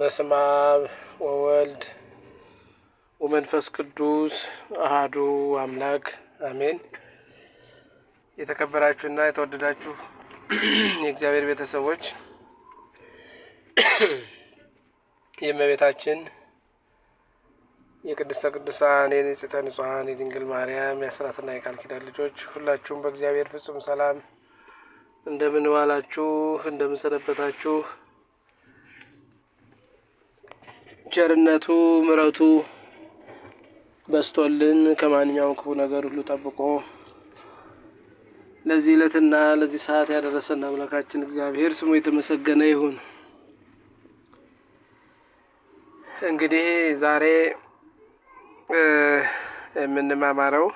በስመ አብ ወወልድ ወመንፈስ ቅዱስ አህዱ አምላክ አሜን። የተከበራችሁና የተወደዳችሁ የእግዚአብሔር ቤተሰቦች የእመቤታችን የቅድስተ ቅዱሳን የንጽሕተ ንጹሐን የድንግል ማርያም የአስራትና የቃል ኪዳን ልጆች ሁላችሁም በእግዚአብሔር ፍጹም ሰላም እንደምን ዋላችሁ እንደምን ሰነበታችሁ? ቸርነቱ ምረቱ በስቶልን ከማንኛውም ክፉ ነገር ሁሉ ጠብቆ ለዚህ ዕለትና ለዚህ ሰዓት ያደረሰን አምላካችን እግዚአብሔር ስሙ የተመሰገነ ይሁን። እንግዲህ ዛሬ የምንማማረው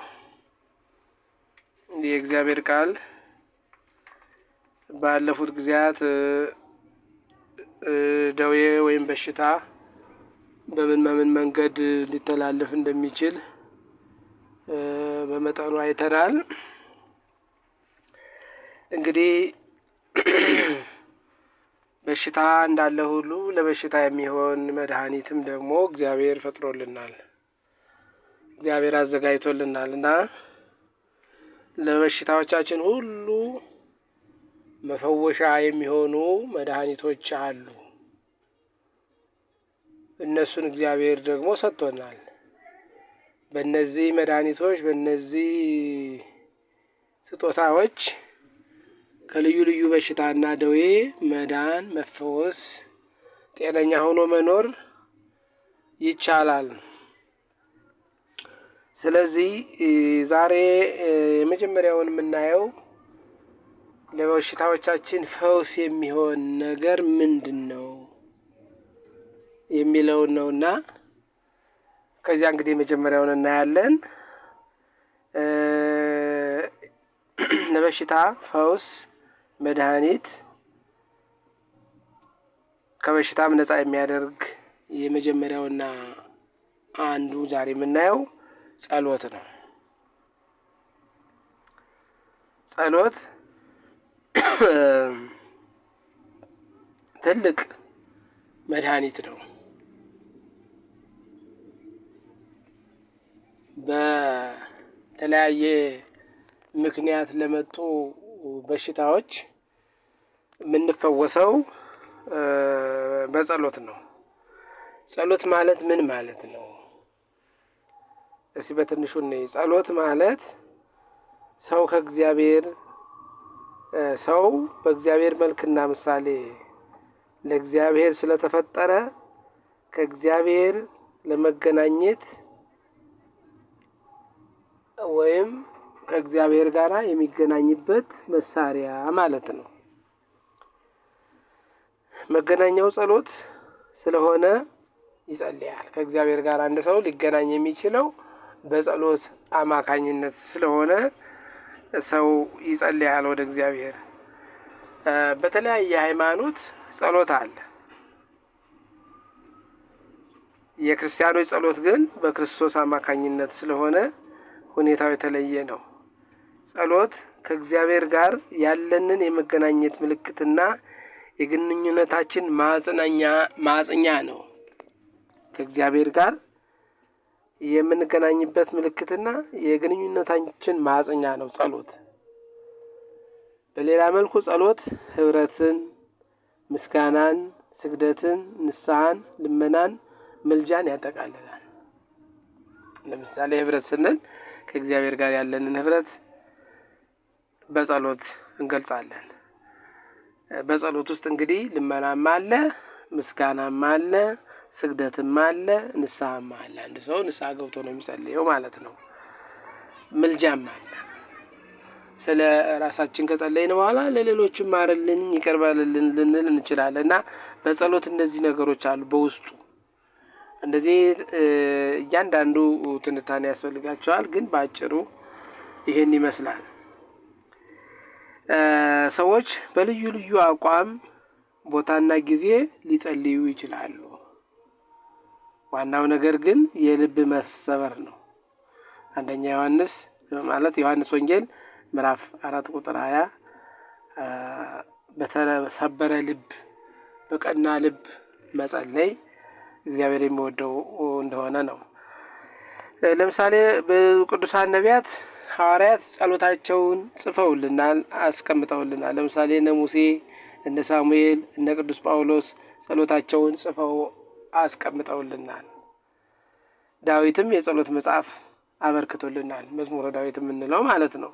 የእግዚአብሔር ቃል ባለፉት ጊዜያት ደዌ ወይም በሽታ በምን በምን መንገድ ሊተላለፍ እንደሚችል በመጠኑ አይተናል። እንግዲህ በሽታ እንዳለ ሁሉ ለበሽታ የሚሆን መድኃኒትም ደግሞ እግዚአብሔር ፈጥሮልናል፣ እግዚአብሔር አዘጋጅቶልናል እና ለበሽታዎቻችን ሁሉ መፈወሻ የሚሆኑ መድኃኒቶች አሉ። እነሱን እግዚአብሔር ደግሞ ሰጥቶናል። በእነዚህ መድኃኒቶች በእነዚህ ስጦታዎች ከልዩ ልዩ በሽታና ደዌ መዳን፣ መፈወስ፣ ጤነኛ ሆኖ መኖር ይቻላል። ስለዚህ ዛሬ የመጀመሪያውን የምናየው ለበሽታዎቻችን ፈውስ የሚሆን ነገር ምንድን ነው? የሚለውን ነውና ከዚያ እንግዲህ መጀመሪያውን እናያለን። ለበሽታ ፈውስ መድኃኒት ከበሽታም ነፃ የሚያደርግ የመጀመሪያውና አንዱ ዛሬ የምናየው ጸሎት ነው። ጸሎት ትልቅ መድኃኒት ነው። በተለያየ ምክንያት ለመጡ በሽታዎች የምንፈወሰው በጸሎት ነው። ጸሎት ማለት ምን ማለት ነው? እስኪ በትንሹ እንይ። ጸሎት ማለት ሰው ከእግዚአብሔር ሰው በእግዚአብሔር መልክና ምሳሌ ለእግዚአብሔር ስለተፈጠረ ከእግዚአብሔር ለመገናኘት ወይም ከእግዚአብሔር ጋር የሚገናኝበት መሳሪያ ማለት ነው። መገናኛው ጸሎት ስለሆነ ይጸልያል። ከእግዚአብሔር ጋር አንድ ሰው ሊገናኝ የሚችለው በጸሎት አማካኝነት ስለሆነ ሰው ይጸልያል ወደ እግዚአብሔር። በተለያየ ሃይማኖት ጸሎት አለ። የክርስቲያኖች ጸሎት ግን በክርስቶስ አማካኝነት ስለሆነ ሁኔታው የተለየ ነው። ጸሎት ከእግዚአብሔር ጋር ያለንን የመገናኘት ምልክትና የግንኙነታችን ማጽናኛ ማጽኛ ነው። ከእግዚአብሔር ጋር የምንገናኝበት ምልክትና የግንኙነታችን ማጽኛ ነው ጸሎት። በሌላ መልኩ ጸሎት ህብረትን፣ ምስጋናን፣ ስግደትን፣ ንስሐን፣ ልመናን፣ ምልጃን ያጠቃልላል። ለምሳሌ ህብረት ስንል ከእግዚአብሔር ጋር ያለንን ህብረት በጸሎት እንገልጻለን። በጸሎት ውስጥ እንግዲህ ልመናም አለ፣ ምስጋናም አለ፣ ስግደትም አለ፣ ንስሐም አለ። አንድ ሰው ንስሐ ገብቶ ነው የሚጸልየው ማለት ነው። ምልጃም አለ። ስለ ራሳችን ከጸለይን በኋላ ለሌሎችም ማርልን፣ ይቅር በልልን ልንል እንችላለን እና በጸሎት እነዚህ ነገሮች አሉ በውስጡ እንደዚህ እያንዳንዱ ትንታኔ ያስፈልጋቸዋል። ግን በአጭሩ ይሄን ይመስላል። ሰዎች በልዩ ልዩ አቋም ቦታና ጊዜ ሊጸልዩ ይችላሉ። ዋናው ነገር ግን የልብ መሰበር ነው። አንደኛ ዮሐንስ ማለት ዮሐንስ ወንጌል ምዕራፍ አራት ቁጥር ሀያ በተሰበረ ልብ በቀና ልብ መጸለይ እግዚአብሔር የሚወደው እንደሆነ ነው። ለምሳሌ በቅዱሳን ነቢያት፣ ሐዋርያት ጸሎታቸውን ጽፈውልናል፣ አስቀምጠውልናል። ለምሳሌ እነ ሙሴ፣ እነ ሳሙኤል፣ እነ ቅዱስ ጳውሎስ ጸሎታቸውን ጽፈው አስቀምጠውልናል። ዳዊትም የጸሎት መጽሐፍ አበርክቶልናል። መዝሙረ ዳዊት የምንለው ማለት ነው።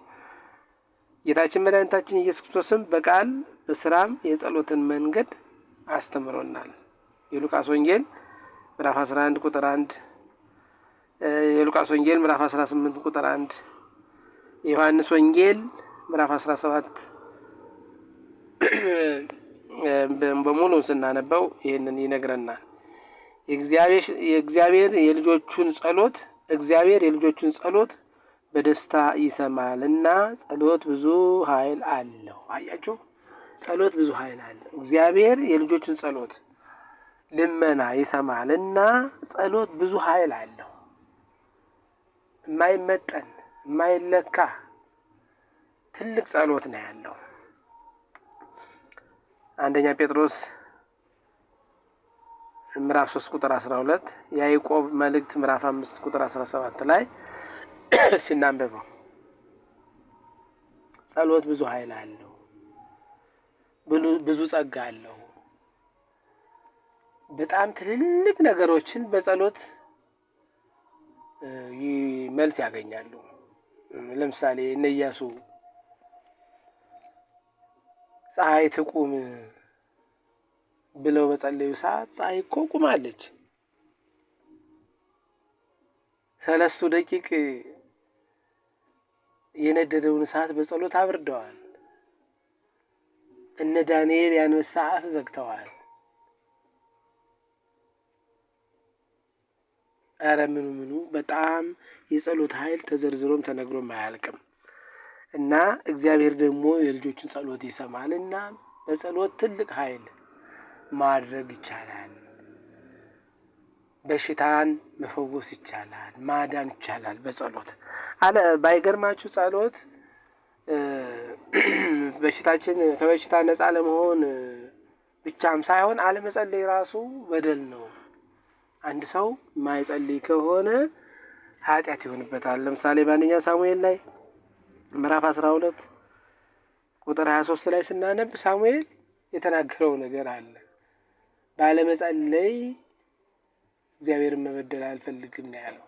ጌታችን መድኃኒታችን ኢየሱስ ክርስቶስም በቃል በስራም የጸሎትን መንገድ አስተምሮናል። የሉቃስ ወንጌል ምዕራፍ 11 ቁጥር 1 የሉቃስ ወንጌል ምዕራፍ 18 ቁጥር 1 የዮሐንስ ወንጌል ምዕራፍ 17 በሙሉ ስናነበው ይህንን ይነግረናል። የእግዚአብሔር የልጆቹን ጸሎት እግዚአብሔር የልጆቹን ጸሎት በደስታ ይሰማል እና ጸሎት ብዙ ኃይል አለው። አያቸው ጸሎት ብዙ ኃይል አለው። እግዚአብሔር የልጆቹን ጸሎት ልመና ይሰማል እና ጸሎት ብዙ ኃይል አለው። የማይመጠን የማይለካ ትልቅ ጸሎት ነው ያለው። አንደኛ ጴጥሮስ ምዕራፍ 3 ቁጥር 12 ያዕቆብ መልእክት ምዕራፍ 5 ቁጥር 17 ላይ ሲናንበበው ጸሎት ብዙ ኃይል አለው፣ ብዙ ጸጋ አለው። በጣም ትልልቅ ነገሮችን በጸሎት መልስ ያገኛሉ። ለምሳሌ እነ ኢያሱ ፀሐይ ትቁም ብለው በጸለዩ ሰዓት ፀሐይ እኮ ቁማለች። ሰለስቱ ደቂቅ የነደደውን እሳት በጸሎት አብርደዋል። እነ ዳንኤል ያንበሳ አፍ ዘግተዋል። ኧረ ምኑ ምኑ በጣም የጸሎት ኃይል ተዘርዝሮም ተነግሮም አያልቅም። እና እግዚአብሔር ደግሞ የልጆችን ጸሎት ይሰማል እና በጸሎት ትልቅ ኃይል ማድረግ ይቻላል። በሽታን መፈወስ ይቻላል። ማዳን ይቻላል በጸሎት አለ። ባይገርማችሁ ጸሎት በሽታችን ከበሽታ ነፃ ለመሆን ብቻም ሳይሆን አለመጸለይ ራሱ በደል ነው። አንድ ሰው ማይጸልይ ከሆነ ኃጢአት ይሆንበታል። ለምሳሌ በአንደኛ ሳሙኤል ላይ ምዕራፍ አስራ ሁለት ቁጥር ሀያ ሶስት ላይ ስናነብ ሳሙኤል የተናገረው ነገር አለ። ባለመጸለይ እግዚአብሔርን መበደል አልፈልግም ያለው።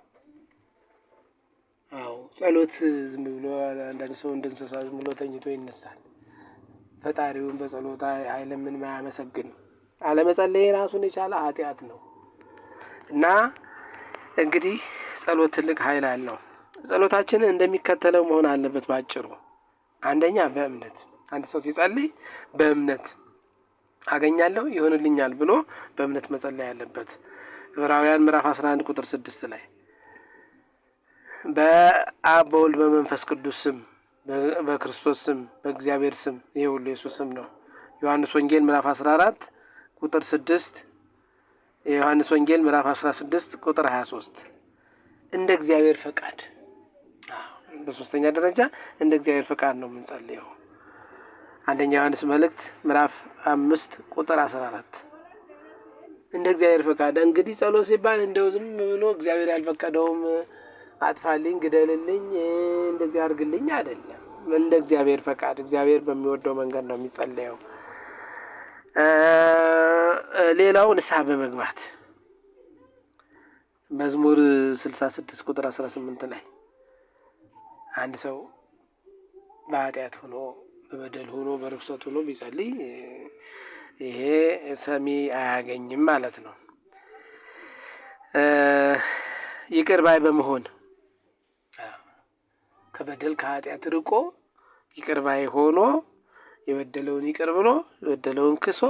አዎ ጸሎት ዝም ብሎ አንዳንድ ሰው እንደ እንስሳ ዝም ብሎ ተኝቶ ይነሳል። ፈጣሪውን በጸሎት አይለምን፣ ማያመሰግን አለመጸለይ ራሱን የቻለ ኃጢአት ነው። እና እንግዲህ ጸሎት ትልቅ ኃይል አለው። ጸሎታችን እንደሚከተለው መሆን አለበት ባጭሩ። አንደኛ በእምነት አንድ ሰው ሲጸልይ በእምነት አገኛለሁ ይሆንልኛል ብሎ በእምነት መጸለይ አለበት። ዕብራውያን ምዕራፍ 11 ቁጥር 6 ላይ በአብ በወልድ በመንፈስ ቅዱስ ስም በክርስቶስ ስም በእግዚአብሔር ስም ይህ ሁሉ የሱ ስም ነው። ዮሐንስ ወንጌል ምዕራፍ 14 ቁጥር 6 የዮሐንስ ወንጌል ምዕራፍ 16 ቁጥር 23 እንደ እግዚአብሔር ፈቃድ። በሶስተኛ ደረጃ እንደ እግዚአብሔር ፈቃድ ነው የምንጸልየው። አንደኛ ዮሐንስ መልእክት ምዕራፍ አምስት ቁጥር 14 እንደ እግዚአብሔር ፈቃድ። እንግዲህ ጸሎት ሲባል እንደው ዝም ብሎ እግዚአብሔር ያልፈቀደውም አጥፋልኝ፣ ግደልልኝ፣ እንደዚህ አድርግልኝ አይደለም። እንደ እግዚአብሔር ፈቃድ እግዚአብሔር በሚወደው መንገድ ነው የሚጸለየው። ሌላው ንስሐ በመግባት መዝሙር ስልሳ ስድስት ቁጥር አስራ ስምንት ላይ አንድ ሰው በኃጢአት ሆኖ በበደል ሆኖ በርኩሰት ሆኖ ቢጸልይ ይሄ ሰሚ አያገኝም ማለት ነው። ይቅር ባይ በመሆን ከበደል ከኃጢአት ርቆ ይቅር ባይ ሆኖ የበደለውን ይቅር ብሎ የበደለውን ክሶ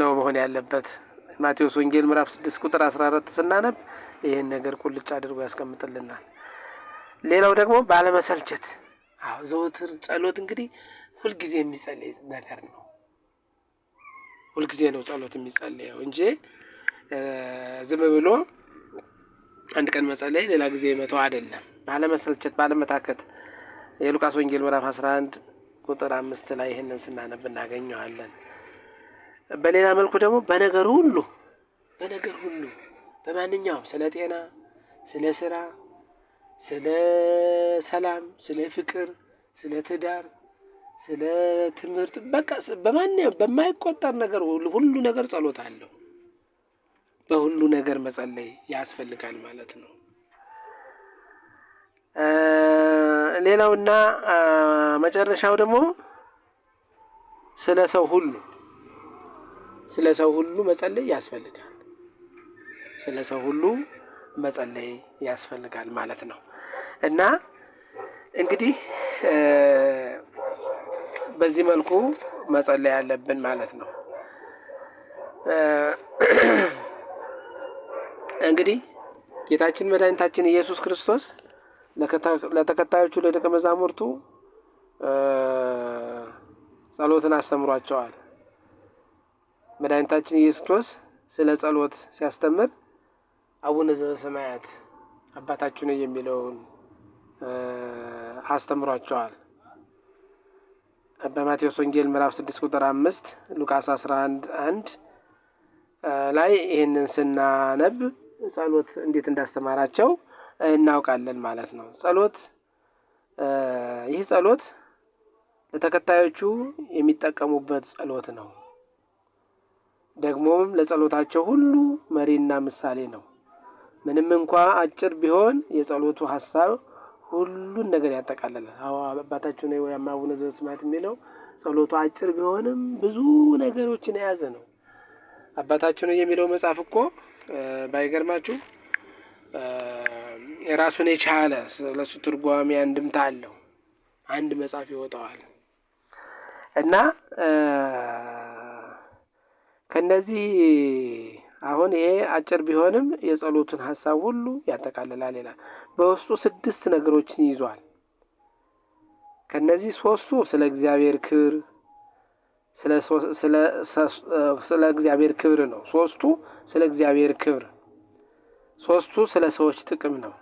ነው መሆን ያለበት። ማቴዎስ ወንጌል ምዕራፍ ስድስት ቁጥር አስራ አራት ስናነብ ይህን ነገር ቁልጭ አድርጎ ያስቀምጥልናል። ሌላው ደግሞ ባለመሰልቸት። አዎ ዘውትር ጸሎት እንግዲህ ሁልጊዜ የሚጸልይ ነገር ነው። ሁልጊዜ ነው ጸሎት የሚጸለየው እንጂ ዝም ብሎ አንድ ቀን መጸለይ ሌላ ጊዜ መተው አይደለም። ባለመሰልቸት፣ ባለመታከት የሉቃስ ወንጌል ምዕራፍ 11 ቁጥር አምስት ላይ ይህንን ስናነብ እናገኘዋለን። በሌላ መልኩ ደግሞ በነገር ሁሉ በነገር ሁሉ በማንኛውም ስለ ጤና፣ ስለ ስራ፣ ስለ ሰላም፣ ስለ ፍቅር፣ ስለ ትዳር፣ ስለ ትምህርት በቃ በማንኛውም በማይቆጠር ነገር ሁሉ ነገር ጸሎት አለው። በሁሉ ነገር መጸለይ ያስፈልጋል ማለት ነው። ሌላውና መጨረሻው ደግሞ ስለ ሰው ሁሉ ስለ ሰው ሁሉ መጸለይ ያስፈልጋል። ስለ ሰው ሁሉ መጸለይ ያስፈልጋል ማለት ነው እና እንግዲህ በዚህ መልኩ መጸለይ ያለብን ማለት ነው። እንግዲህ ጌታችን መድኃኒታችን ኢየሱስ ክርስቶስ ለተከታዮቹ ለደቀ መዛሙርቱ ጸሎትን አስተምሯቸዋል። መድኃኒታችን ኢየሱስ ክርስቶስ ስለ ጸሎት ሲያስተምር አቡነ ዘበሰማያት አባታችሁ ነው የሚለውን አስተምሯቸዋል። በማቴዎስ ወንጌል ምዕራፍ ስድስት ቁጥር አምስት ሉቃስ አስራ አንድ አንድ ላይ ይህንን ስናነብ ጸሎት እንዴት እንዳስተማራቸው እናውቃለን ማለት ነው። ጸሎት ይህ ጸሎት ለተከታዮቹ የሚጠቀሙበት ጸሎት ነው። ደግሞም ለጸሎታቸው ሁሉ መሪና ምሳሌ ነው። ምንም እንኳ አጭር ቢሆን የጸሎቱ ሀሳብ ሁሉን ነገር ያጠቃልላል። አዎ አባታችን ወይ አቡነ ዘበሰማያት የሚለው ጸሎቱ አጭር ቢሆንም ብዙ ነገሮችን የያዘ ነው። አባታችን የሚለው መጽሐፍ እኮ ባይገርማችሁ የራሱን የቻለ ስለሱ ትርጓሜ አንድምታ አለው። አንድ መጽሐፍ ይወጣዋል እና ከነዚህ አሁን ይሄ አጭር ቢሆንም የጸሎቱን ሀሳብ ሁሉ ያጠቃልላል ይላል። በውስጡ ስድስት ነገሮችን ይዟል። ከነዚህ ሶስቱ ስለ እግዚአብሔር ክብር ስለ እግዚአብሔር ክብር ነው። ሶስቱ ስለ እግዚአብሔር ክብር፣ ሶስቱ ስለ ሰዎች ጥቅም ነው።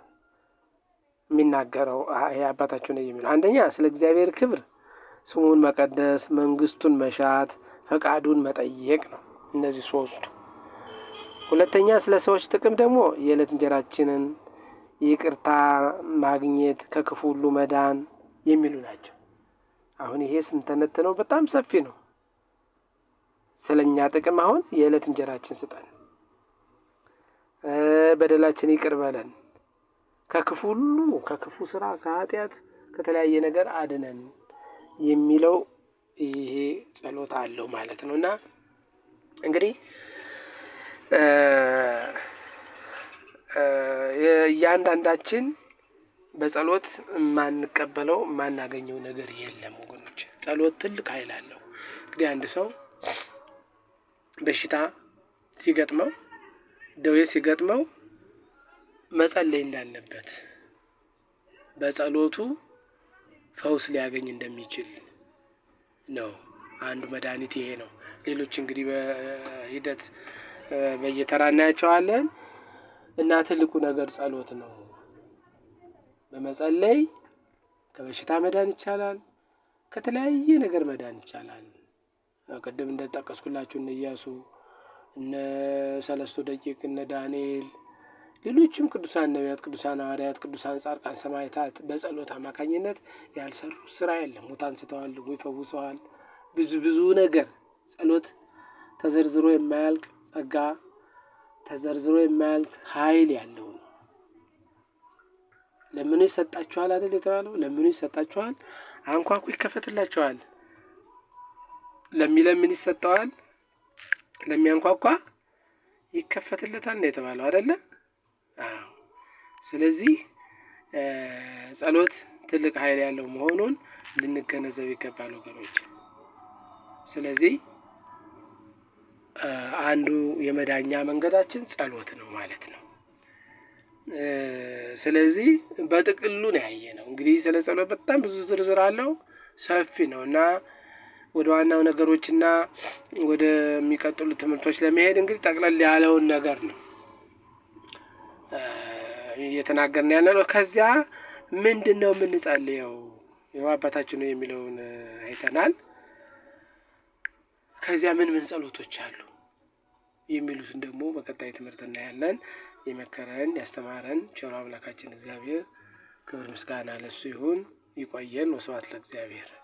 የሚናገረው ነ የሚለው አንደኛ ስለ እግዚአብሔር ክብር ስሙን መቀደስ፣ መንግስቱን መሻት፣ ፈቃዱን መጠየቅ ነው። እነዚህ ሶስቱ። ሁለተኛ ስለ ሰዎች ጥቅም ደግሞ የዕለት እንጀራችንን ይቅርታ ማግኘት፣ ከክፉ ሁሉ መዳን የሚሉ ናቸው። አሁን ይሄ ነው፣ በጣም ሰፊ ነው። ስለ እኛ ጥቅም አሁን የዕለት እንጀራችን ስጠን፣ በደላችን ይቅር በለን ከክፉ ሁሉ ከክፉ ስራ ከኃጢአት ከተለያየ ነገር አድነን የሚለው ይሄ ጸሎት አለው ማለት ነው እና እንግዲህ እያንዳንዳችን በጸሎት የማንቀበለው የማናገኘው ነገር የለም ወገኖች። ጸሎት ትልቅ ኃይል አለው። እንግዲህ አንድ ሰው በሽታ ሲገጥመው፣ ደዌ ሲገጥመው መጸለይ እንዳለበት በጸሎቱ ፈውስ ሊያገኝ እንደሚችል ነው። አንዱ መድኃኒት ይሄ ነው። ሌሎች እንግዲህ በሂደት በየተራ እናያቸዋለን እና ትልቁ ነገር ጸሎት ነው። በመጸለይ ከበሽታ መዳን ይቻላል። ከተለያየ ነገር መዳን ይቻላል። ቅድም እንደጠቀስኩላችሁ እነ ኢያሱ፣ እነ ሰለስቱ ደቂቅ፣ እነ ዳንኤል ሌሎችም ቅዱሳን ነቢያት፣ ቅዱሳን ሐዋርያት፣ ቅዱሳን ጻድቃን፣ ሰማዕታት በጸሎት አማካኝነት ያልሰሩ ስራ የለም። ሙት አንስተዋል፣ ወይ ፈውሰዋል። ብዙ ብዙ ነገር ጸሎት ተዘርዝሮ የማያልቅ ጸጋ ተዘርዝሮ የማያልቅ ኃይል ያለው ነው። ለምኑ ይሰጣችኋል አይደል የተባለው? ለምኑ ይሰጣችኋል፣ አንኳኩ ይከፈትላችኋል። ለሚለምን ይሰጠዋል፣ ለሚያንኳኳ ይከፈትለታል ነው የተባለው አይደለም? ስለዚህ ጸሎት ትልቅ ኃይል ያለው መሆኑን ልንገነዘብ ይገባል ወገኖች። ስለዚህ አንዱ የመዳኛ መንገዳችን ጸሎት ነው ማለት ነው። ስለዚህ በጥቅሉ ነው ያየ ነው። እንግዲህ ስለ ጸሎት በጣም ብዙ ዝርዝር አለው፣ ሰፊ ነው እና ወደ ዋናው ነገሮችና ወደሚቀጥሉ ትምህርቶች ለመሄድ እንግዲህ ጠቅለል ያለውን ነገር ነው እየተናገርን ያለ ነው። ከዚያ ምንድን ነው የምንጸልየው የው አባታችን የሚለውን አይተናል። ከዚያ ምን ምን ጸሎቶች አሉ የሚሉትን ደግሞ በቀጣይ ትምህርት እናያለን። የመከረን ያስተማረን ቸሮ አምላካችን እግዚአብሔር ክብር ምስጋና ለሱ ይሁን። ይቆየን። ወስብሐት ለእግዚአብሔር።